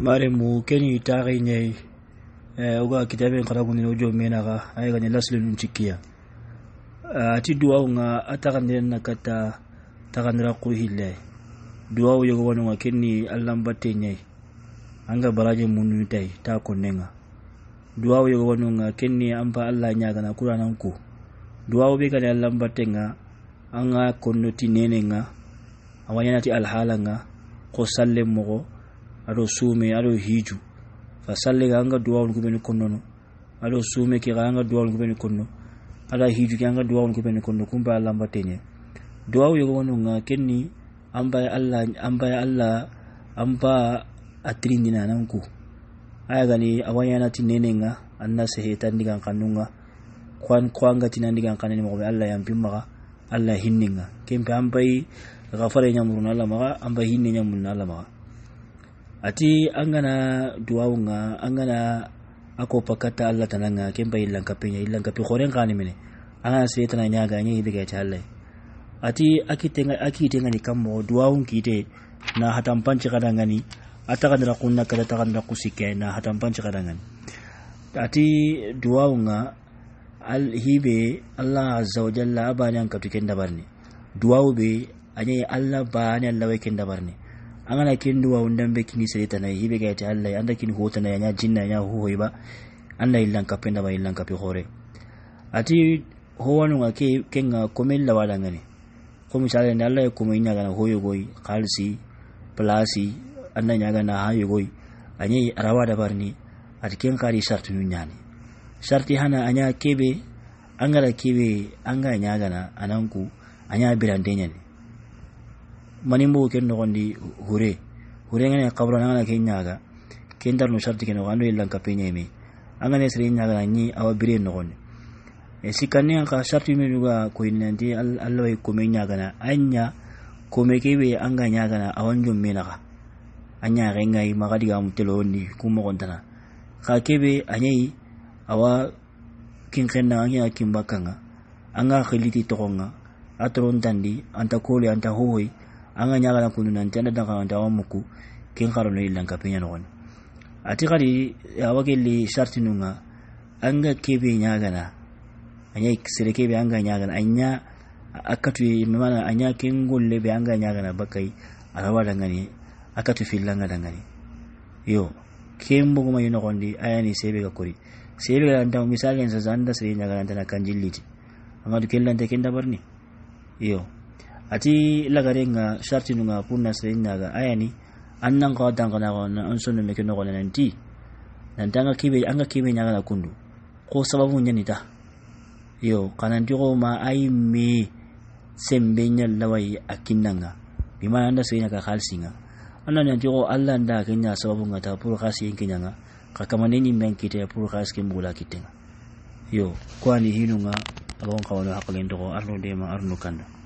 mare mu keni taxi ñey eh, oga kitabe xaragundin o jom menaxa a yegañe laslenum cikkiya eh, ati duwawunga a taxandirena katta taxandira qu xille duwawu yogowanunga keni allanbatte ñey anga baraje mununitay ta konnenga duwawu yogowanunga keni anpa alla ñagana kuranan ku duwawu be gane allanbattenga anga konnoti nenenga awañanati alhalanga ko sallen moxo ado sume aɗo hiiju fa salle ga anga duwawol ngumeni konnono aɗo suume ke ga anga duwawol ngumeni konno aɗa hiiju ke anga duwawol ngumeni konno kumba allah mbattene duwawu yogo wononga kenni an allah an allah an ba a tirindinanan ku aya gani awayanati nenenga anna sehetandigan kannunga kwan kwangatinandigan kannani mogoɓe allah yampimmaga allah hinninga kempe an gafare ñamuruna allah maga an ba hinne allah maga ati angana nga angana ako pakata allah tananga kemba illan kapenya illan kapi khoren qani mine anga se tana nyaga anyi diga challe ati akitenga akitenga ni kammo duaung kite na hatam panci ataka atakandira kunna kada takandira kusike na hatam panci kadangani ati nga al hibe allah azza wajalla abani an kapti kendabarni duwau be anya allah ba anya allah we kendabarni angana kin duwa undan be kini sere tanai hibe ga ta Allah anda kin ho tanai nya jinna nya ho hoiba Allah illan kapenda ba illan kapi hore ati ho wanu ga ke kenga komel la wala ngani ko misale ne Allah ko minya ga na hoyo goyi khalsi plasi anna nya ga na hayo goyi anyi arawa da barni ati ken kari shartu nyani sharti hana anya kebe angara kebe anga nya ga na ananku anya birande nyani manin mogu ken nogondi hure hure ngane kabron angana ke ñaga ke darno sharti ke nogo ando yillanka peñemi angane sere ñaga na ñi awa bire nogondi e sikkanne anka sharti me duga koyinanti allah way e kome ñagana anña kome ke be anga ñagana awan jom menaka anña xengayi maxa digamu telowondi kumogontana xa kebe añayi awa kinxennanga kina kinbakkanga anga xiliti toxonga a toron tandi anta kole anta xoxoyi anga ñagana kundu nanti anda muku kin mukku ken xarono illanka no noxoni ati xadi awa ke li sharti nunga anga kebe na anya sere kebe anga ñagana aña akkatu mana anya kin gulle be anga na bakai arawa dangani akkatu fillanga dangani yo ken boguma yi noxondi ayani sebe ga kori sebe ga lanta misalen sasa anda sere ñaganantana kan jilliti amadu ken lanta ken dabarni yo ati lagare nga sharti punna sa inna ga ayani annan ka wadda nga na unsun kibe anga kibe nga kundu ko sababu nga nita yo kananti ko ma ay lawai akinna nga bima anda sa inna ka khalsi nga anna nanti ko alla nda kanya sababu nga ta nga kakamani ni mbengkita ya puru khasi kimbula yo kwani nga abong kawano dema kanda